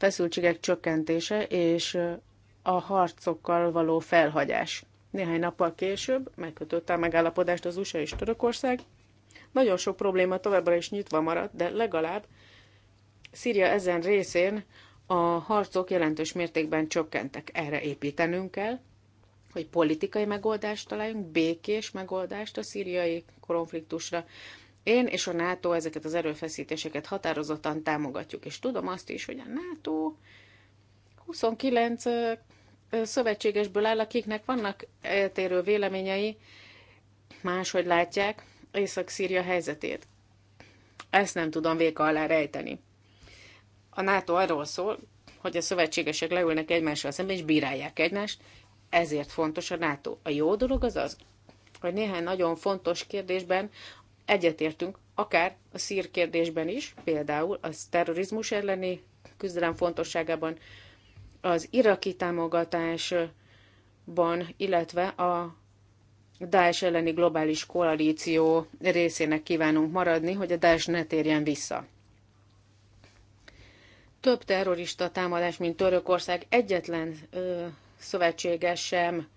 feszültségek csökkentése és a harcokkal való felhagyás. Néhány nappal később megkötötte a megállapodást az USA és Törökország. Nagyon sok probléma továbbra is nyitva maradt, de legalább Szíria ezen részén a harcok jelentős mértékben csökkentek. Erre építenünk kell, hogy politikai megoldást találjunk, békés megoldást a szíriai konfliktusra, én és a NATO ezeket az erőfeszítéseket határozottan támogatjuk, és tudom azt is, hogy a NATO 29 szövetségesből áll, akiknek vannak eltérő véleményei, máshogy látják Észak-Szíria helyzetét. Ezt nem tudom véka alá rejteni. A NATO arról szól, hogy a szövetségesek leülnek egymással szemben, és bírálják egymást, ezért fontos a NATO. A jó dolog az az, hogy néhány nagyon fontos kérdésben egyetértünk, akár a szír kérdésben is, például a terrorizmus elleni küzdelem fontosságában, az iraki támogatásban, illetve a Daesh elleni globális koalíció részének kívánunk maradni, hogy a Daesh ne térjen vissza. Több terrorista támadás, mint Törökország egyetlen ö, szövetséges sem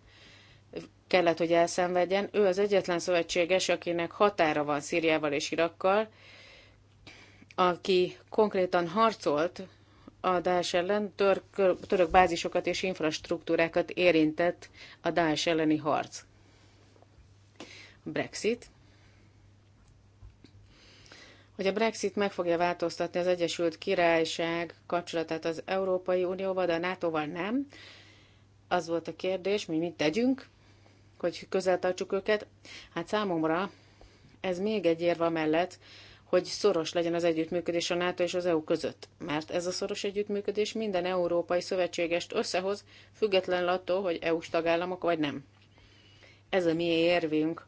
kellett, hogy elszenvedjen. Ő az egyetlen szövetséges, akinek határa van Szíriával és Irakkal, aki konkrétan harcolt a Dás ellen, török, török bázisokat és infrastruktúrákat érintett a Dás elleni harc. Brexit. Hogy a Brexit meg fogja változtatni az Egyesült Királyság kapcsolatát az Európai Unióval, de a NATO-val nem, az volt a kérdés, hogy mit tegyünk hogy közel tartsuk őket. Hát számomra ez még egy érva mellett, hogy szoros legyen az együttműködés a NATO és az EU között, mert ez a szoros együttműködés minden európai szövetségest összehoz, függetlenül attól, hogy EU-s tagállamok vagy nem. Ez a mi érvünk,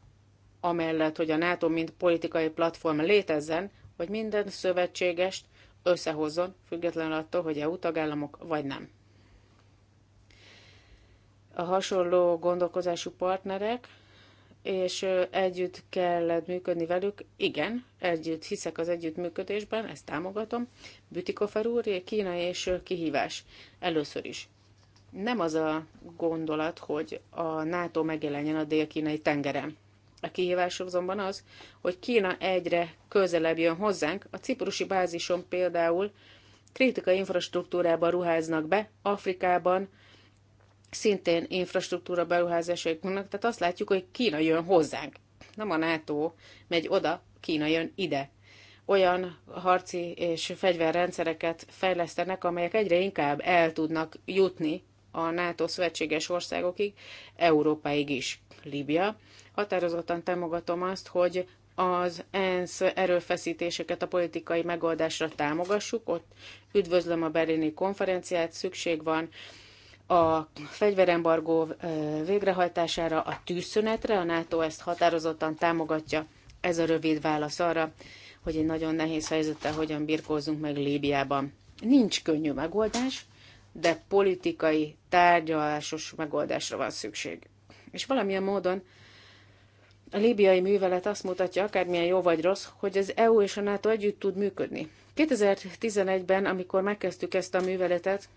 amellett, hogy a NATO mint politikai platform létezzen, hogy minden szövetségest összehozzon, függetlenül attól, hogy EU tagállamok vagy nem a hasonló gondolkozású partnerek, és együtt kellett működni velük. Igen, együtt hiszek az együttműködésben, ezt támogatom. Bütikofer úr, Kína és kihívás. Először is. Nem az a gondolat, hogy a NATO megjelenjen a dél-kínai tengeren. A kihívás azonban az, hogy Kína egyre közelebb jön hozzánk. A ciprusi bázison például kritikai infrastruktúrába ruháznak be, Afrikában szintén infrastruktúra beruházásaik vannak, tehát azt látjuk, hogy Kína jön hozzánk. Nem a NATO megy oda, Kína jön ide. Olyan harci és fegyverrendszereket fejlesztenek, amelyek egyre inkább el tudnak jutni a NATO szövetséges országokig, Európáig is. Líbia. Határozottan támogatom azt, hogy az ENSZ erőfeszítéseket a politikai megoldásra támogassuk. Ott üdvözlöm a berlini konferenciát, szükség van a fegyverembargó végrehajtására, a tűzszünetre. A NATO ezt határozottan támogatja. Ez a rövid válasz arra, hogy egy nagyon nehéz helyzettel hogyan birkózunk meg Líbiában. Nincs könnyű megoldás, de politikai, tárgyalásos megoldásra van szükség. És valamilyen módon a líbiai művelet azt mutatja, akármilyen jó vagy rossz, hogy az EU és a NATO együtt tud működni. 2011-ben, amikor megkezdtük ezt a műveletet,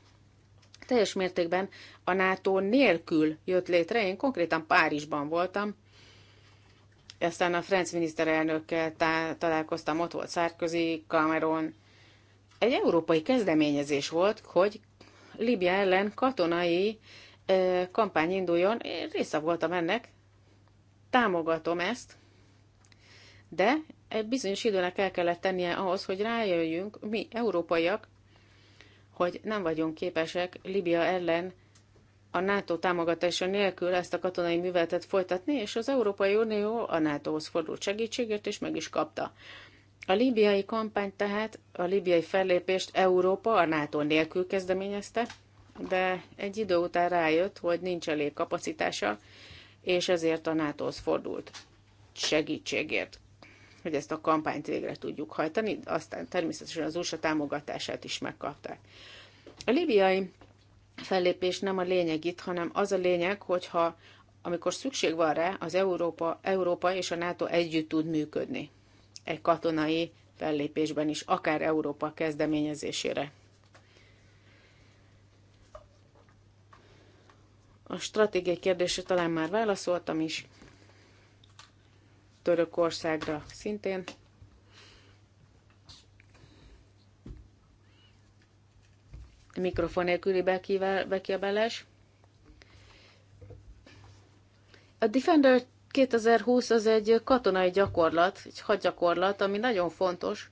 teljes mértékben a NATO nélkül jött létre. Én konkrétan Párizsban voltam, aztán a franc miniszterelnökkel tá- találkoztam, ott volt Sarkozy, Cameron. Egy európai kezdeményezés volt, hogy Libya ellen katonai ö, kampány induljon. Én része voltam ennek, támogatom ezt, de egy bizonyos időnek el kellett tennie ahhoz, hogy rájöjjünk mi, európaiak, hogy nem vagyunk képesek Libia ellen a NATO támogatása nélkül ezt a katonai műveletet folytatni, és az Európai Unió a NATO-hoz fordult segítségért, és meg is kapta. A líbiai kampány tehát a líbiai fellépést Európa a NATO nélkül kezdeményezte, de egy idő után rájött, hogy nincs elég kapacitása, és ezért a NATO-hoz fordult segítségért hogy ezt a kampányt végre tudjuk hajtani, aztán természetesen az USA támogatását is megkapták. A libiai fellépés nem a lényeg itt, hanem az a lényeg, hogyha amikor szükség van rá, az Európa, Európa és a NATO együtt tud működni. Egy katonai fellépésben is, akár Európa kezdeményezésére. A stratégiai kérdésre talán már válaszoltam is. Törökországra szintén. Mikrofon nélküli bekiabálás. A Defender 2020 az egy katonai gyakorlat, egy hadgyakorlat, ami nagyon fontos.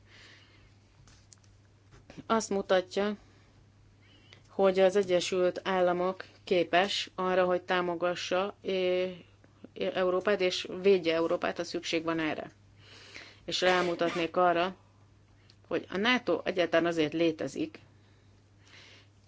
Azt mutatja, hogy az Egyesült Államok képes arra, hogy támogassa Európát, és védje Európát, ha szükség van erre. És rámutatnék arra, hogy a NATO egyáltalán azért létezik,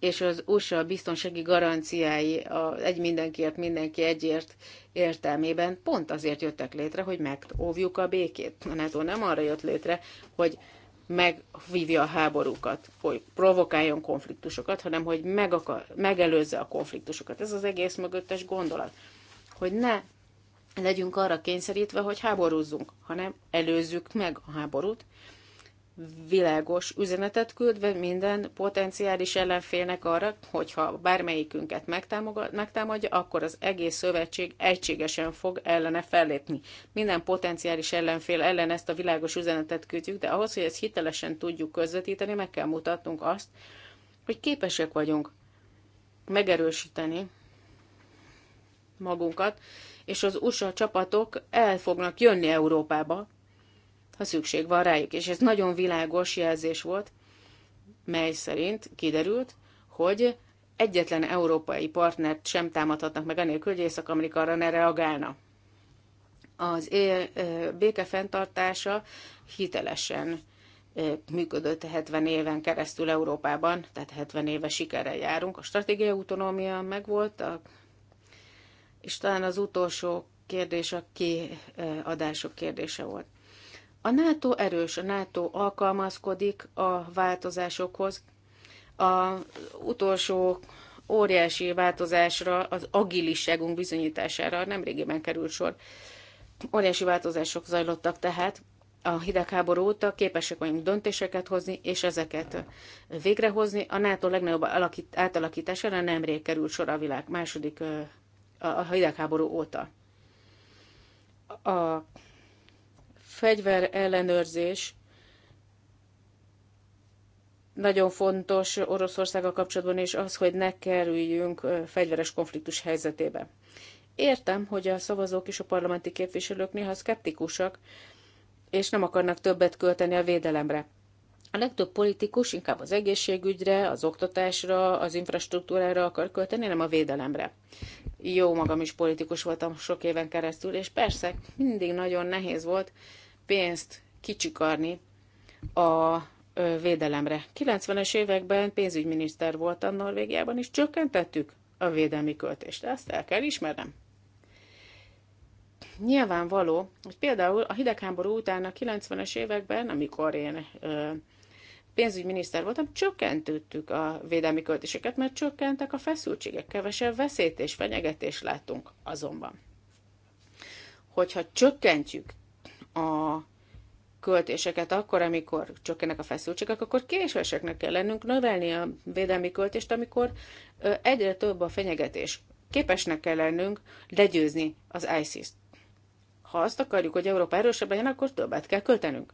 és az USA biztonsági garanciái a egy mindenkiért, mindenki egyért értelmében pont azért jöttek létre, hogy megóvjuk a békét. A NATO nem arra jött létre, hogy megvívja a háborúkat, hogy provokáljon konfliktusokat, hanem hogy meg akar, megelőzze a konfliktusokat. Ez az egész mögöttes gondolat. Hogy ne legyünk arra kényszerítve, hogy háborúzzunk, hanem előzzük meg a háborút, világos üzenetet küldve minden potenciális ellenfélnek arra, hogyha bármelyikünket megtámadja, akkor az egész szövetség egységesen fog ellene fellépni. Minden potenciális ellenfél ellen ezt a világos üzenetet küldjük, de ahhoz, hogy ezt hitelesen tudjuk közvetíteni, meg kell mutatnunk azt, hogy képesek vagyunk megerősíteni magunkat, és az USA csapatok el fognak jönni Európába, ha szükség van rájuk. És ez nagyon világos jelzés volt, mely szerint kiderült, hogy egyetlen európai partnert sem támadhatnak meg, anélkül, hogy Észak-Amerika arra ne reagálna. Az él, béke fenntartása hitelesen működött 70 éven keresztül Európában, tehát 70 éve sikerrel járunk. A stratégiai autonómia megvolt, a és talán az utolsó kérdés a kiadások kérdése volt. A NATO erős, a NATO alkalmazkodik a változásokhoz. A utolsó óriási változásra, az agiliságunk bizonyítására nemrégiben került sor. Óriási változások zajlottak tehát a hidegháború óta, képesek vagyunk döntéseket hozni, és ezeket végrehozni. A NATO legnagyobb átalakítására nemrég került sor a világ második a hidegháború óta. A fegyver ellenőrzés nagyon fontos Oroszországgal kapcsolatban és az, hogy ne kerüljünk fegyveres konfliktus helyzetébe. Értem, hogy a szavazók és a parlamenti képviselők néha szkeptikusak, és nem akarnak többet költeni a védelemre. A legtöbb politikus inkább az egészségügyre, az oktatásra, az infrastruktúrára akar költeni, nem a védelemre. Jó magam is politikus voltam sok éven keresztül, és persze mindig nagyon nehéz volt pénzt kicsikarni a védelemre. 90-es években pénzügyminiszter voltam Norvégiában, és csökkentettük a védelmi költést. Ezt el kell ismernem. Nyilvánvaló, hogy például a hidegháború után a 90-es években, amikor én ö, pénzügyminiszter voltam, csökkentettük a védelmi költéseket, mert csökkentek a feszültségek, kevesebb veszélyt és fenyegetést láttunk azonban. Hogyha csökkentjük a költéseket akkor, amikor csökkenek a feszültségek, akkor késeseknek kell lennünk növelni a védelmi költést, amikor egyre több a fenyegetés. Képesnek kell lennünk legyőzni az ISIS-t. Ha azt akarjuk, hogy Európa erősebb legyen, akkor többet kell költenünk.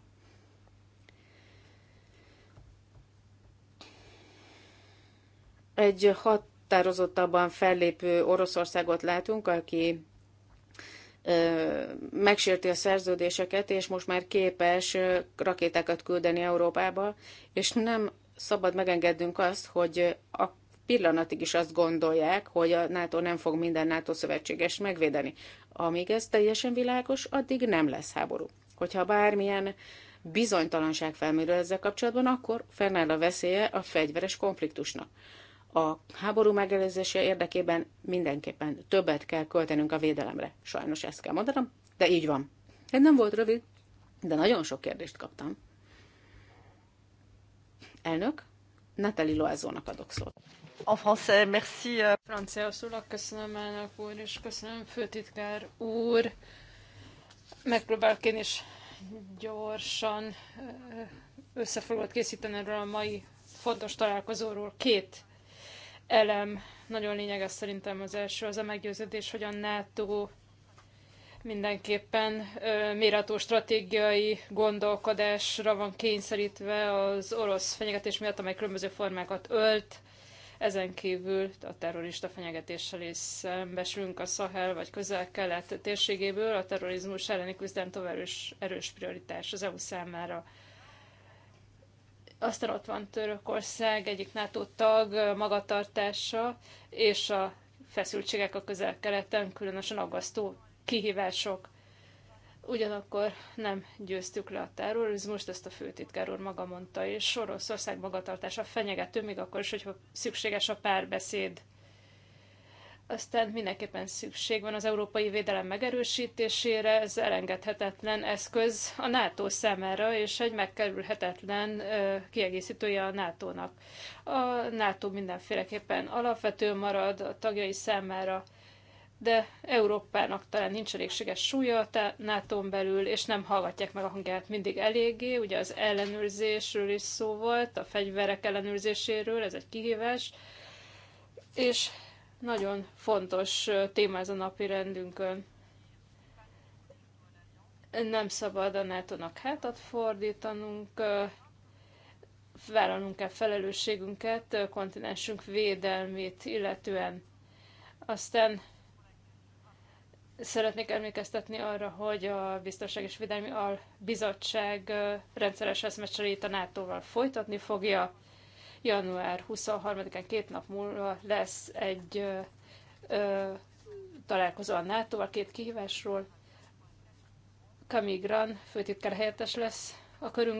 egy határozottabban fellépő Oroszországot látunk, aki megsérti a szerződéseket, és most már képes rakétákat küldeni Európába, és nem szabad megengednünk azt, hogy a pillanatig is azt gondolják, hogy a NATO nem fog minden NATO szövetséges megvédeni. Amíg ez teljesen világos, addig nem lesz háború. Hogyha bármilyen bizonytalanság felmerül ezzel kapcsolatban, akkor fennáll a veszélye a fegyveres konfliktusnak a háború megelőzése érdekében mindenképpen többet kell költenünk a védelemre. Sajnos ezt kell mondanom, de így van. Ez nem volt rövid, de nagyon sok kérdést kaptam. Elnök, Nathalie Loazónak adok szót. A français, merci. Euh. Franciaszulak, köszönöm elnök úr, és köszönöm főtitkár úr. Megpróbálok én is gyorsan összefoglalt készíteni erről a mai fontos találkozóról. Két elem. Nagyon lényeges szerintem az első, az a meggyőződés, hogy a NATO mindenképpen mérható stratégiai gondolkodásra van kényszerítve az orosz fenyegetés miatt, amely különböző formákat ölt. Ezen kívül a terrorista fenyegetéssel is szembesülünk a Szahel vagy közel-kelet térségéből. A terrorizmus elleni küzdelem tovább erős, erős prioritás az EU számára. Aztán ott van Törökország egyik NATO tag magatartása, és a feszültségek a közel-keleten, különösen aggasztó kihívások. Ugyanakkor nem győztük le a terrorizmust, ezt a főtitkár úr maga mondta, és Oroszország magatartása fenyegető, még akkor is, hogyha szükséges a párbeszéd aztán mindenképpen szükség van az európai védelem megerősítésére, ez elengedhetetlen eszköz a NATO számára, és egy megkerülhetetlen kiegészítője a NATO-nak. A NATO mindenféleképpen alapvető marad a tagjai számára, de Európának talán nincs elégséges súlya a nato belül, és nem hallgatják meg a hangját mindig eléggé. Ugye az ellenőrzésről is szó volt, a fegyverek ellenőrzéséről, ez egy kihívás. És nagyon fontos téma ez a napi rendünkön. Nem szabad a NATO-nak hátat fordítanunk, vállalnunk kell felelősségünket, kontinensünk védelmét illetően. Aztán Szeretnék emlékeztetni arra, hogy a Biztonság és Védelmi Albizottság rendszeres eszmecserét a NATO-val folytatni fogja. Január 23-án két nap múlva lesz egy ö, ö, találkozó a nato a két kihívásról. Kamigran főtitkár helyettes lesz a körünk